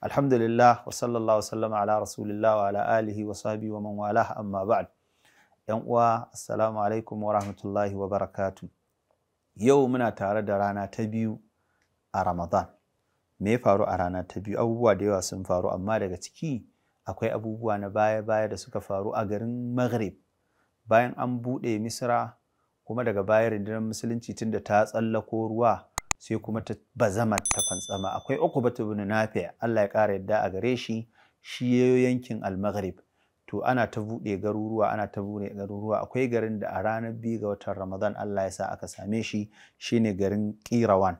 alhamdulillah wa sallallahu wasallama ala rasulillah wa alihi wa sahbihi wa man wala amma ba'd yan uwa assalamu alaikum wa rahmatullahi wa barakatu yau muna tare da rana ta biyu a ramadan me ya faru a rana ta biyu abubuwa da yawa sun faru amma daga ciki akwai abubuwa na baya-baya da suka faru a garin maghrib bayan an buɗe misra kuma daga baya rundunar musulunci tunda ta tsallako ruwa sai kuma ta bazama ta fantsama akwai uku ukubatu ibn nafi Allah ya ƙara yadda a gare shi shi yayo yankin al to ana ta buɗe garuruwa ana ta buɗe garuruwa akwai garin da a ranar biyu ga watan ramadan Allah ya sa aka same shi shine garin qirawan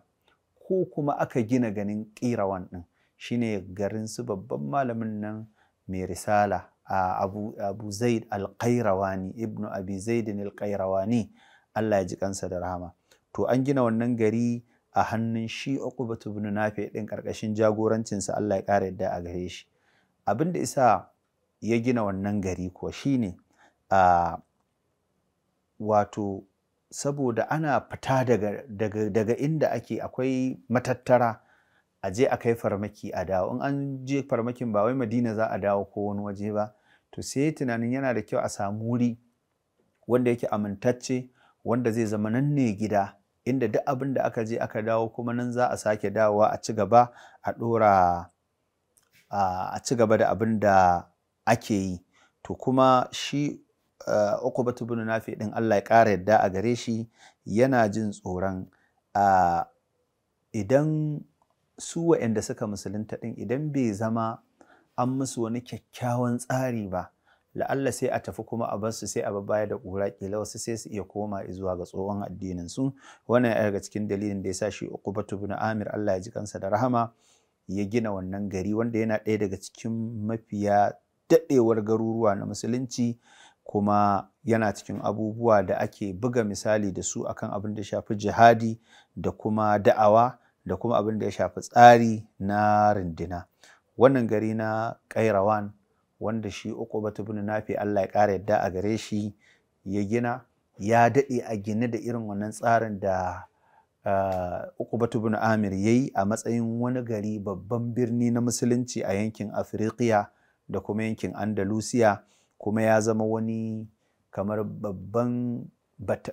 ko kuma aka gina ganin qirawan din shine garin su babban malamin nan mai risala abu abu zaid al ibnu abi zaid al Allah ya ji kansa da rahama to an gina wannan gari a hannun shi Uqbatu ibn nafe din karkashin jagorancinsa Allah ya ƙara yadda a gare shi abin da isa ya gina wannan gari ko shine a wato saboda ana fita daga, daga inda ake akwai matattara a je a kai farmaki a dawo in an je farmakin ba wai madina za a dawo ko wani waje ba to sai tunanin yana da kyau a samu wuri wanda yake amintacce wanda zai zama nan ne gida inda duk abin da aka je aka dawo kuma nan za a sake dawowa a ci gaba a dora a ci gaba da abin da ake yi to kuma shi uqubatu bin nafi din Allah ya ƙara yadda a gare shi yana jin tsoron idan su wa'anda suka musulunta ɗin idan bai zama an musu wani kyakkyawan tsari ba la'alla sai a tafi kuma a su sai a baya da ƙura ƙila wasu sai su iya koma zuwa ga tsohon addinin su wannan ya daga cikin dalilin da ya sa shi Uqbatu bin amir Allah ya ji kansa da rahama ya gina wannan gari wanda yana ɗaya daga cikin mafiya daɗewar garuruwa na musulunci kuma yana cikin abubuwa da ake buga misali da su akan abin da shafi jihadi da kuma da'awa da kuma abin da ya shafi tsari na rindina wannan gari na kairawan wanda shi uqubatu bin nafi Allah ya kara yadda a gare shi ya gina ya daɗe a gine da irin wannan tsarin da eh, uqubatu bin amir yi a matsayin wani gari babban birni na musulunci a yankin afirikiya da kuma yankin andalusiya kuma ya zama wani kamar babban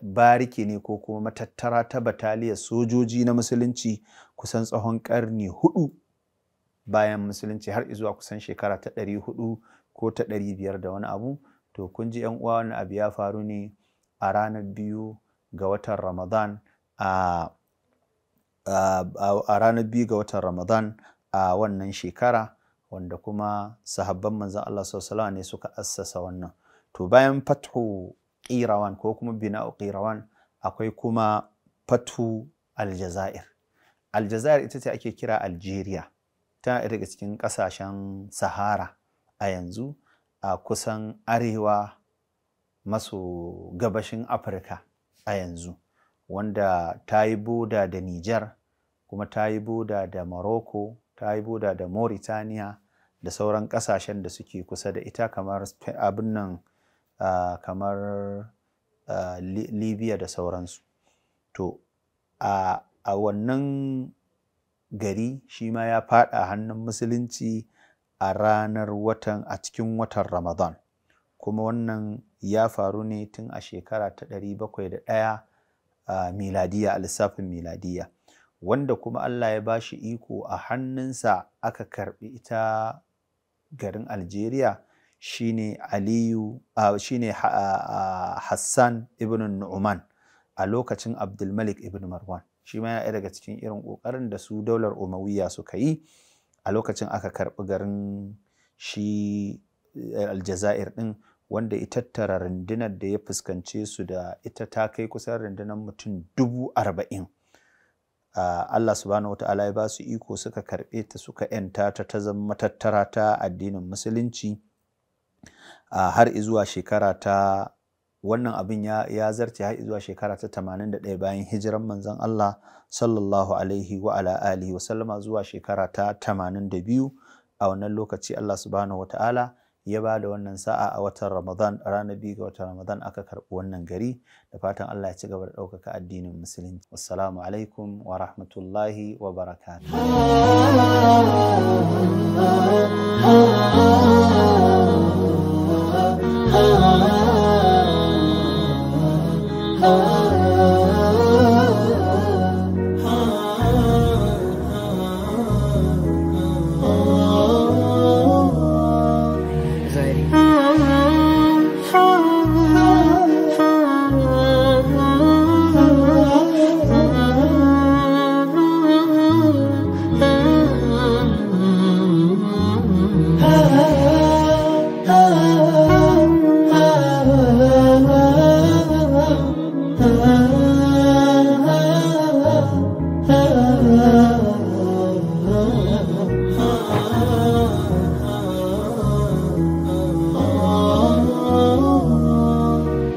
bariki ne ko kuma matattara ta bataliyar sojoji na musulunci kusan tsawon karni hudu bayan musulunci har zuwa kusan shekara ta ɗari hudu ko ta ɗari biyar da wani abu to kun ji uwa wani abu ya faru ne a ranar biyu ga watan ramadan a ranar biyu ga watan ramadan a wannan shekara wanda kuma sahabban manzan Allah sallallahu ne suka assasa wannan to bayan fathu qirawan ko kuma bina'u qirawan akwai kuma fatu aljazair aljazair ita ce ake kira Aljeriya. tana daga cikin ƙasashen sahara a yanzu a kusan arewa maso gabashin afirka a yanzu wanda ta yi boda da niger kuma ta yi boda da morocco ta yi boda da mauritania da sauran ƙasashen da suke kusa da ita kamar abin nan kamar libya da sauransu to a a wannan gari shi ma ya fada hannun musulunci a ranar watan a cikin watan ramadan kuma wannan ya faru ne tun a shekara ta 701 a miladiya a lissafin miladiya wanda kuma allah ya bashi iko a hannunsa aka karbi ita garin algeria shine aliyu shine hassan ibn nu'man a lokacin abdulmalik ibn marwan shi ma yana daga cikin irin ƙoƙarin da su daular umawiya suka yi a lokacin aka karɓi garin shi eh, aljazair ɗin wanda ita tara rundunar da ya fuskance su da ita ta kai kusan rundunar mutum dubu arba'in Allah subhanahu wa ta'ala ya ba su iko suka karɓe ta suka ‘yanta ta ta zama matattara ta addinin musulunci har izuwa shekara ta wannan abin ya zarce har zuwa shekara ta 81 bayan hijiran manzon Allah sallallahu alaihi wa ala alihi wa sallama zuwa shekara ta 82 a wannan lokaci Allah subhanahu wataala ya ba da wannan sa'a a watan Ramadan ranar biyu ga watan Ramadan aka karɓi wannan gari da fatan Allah ya ci gaba da ɗaukaka addinin musulunci. Wassalamu alaikum wa rahmatullahi wa barakatuh. Ah, ah, ah, Oh.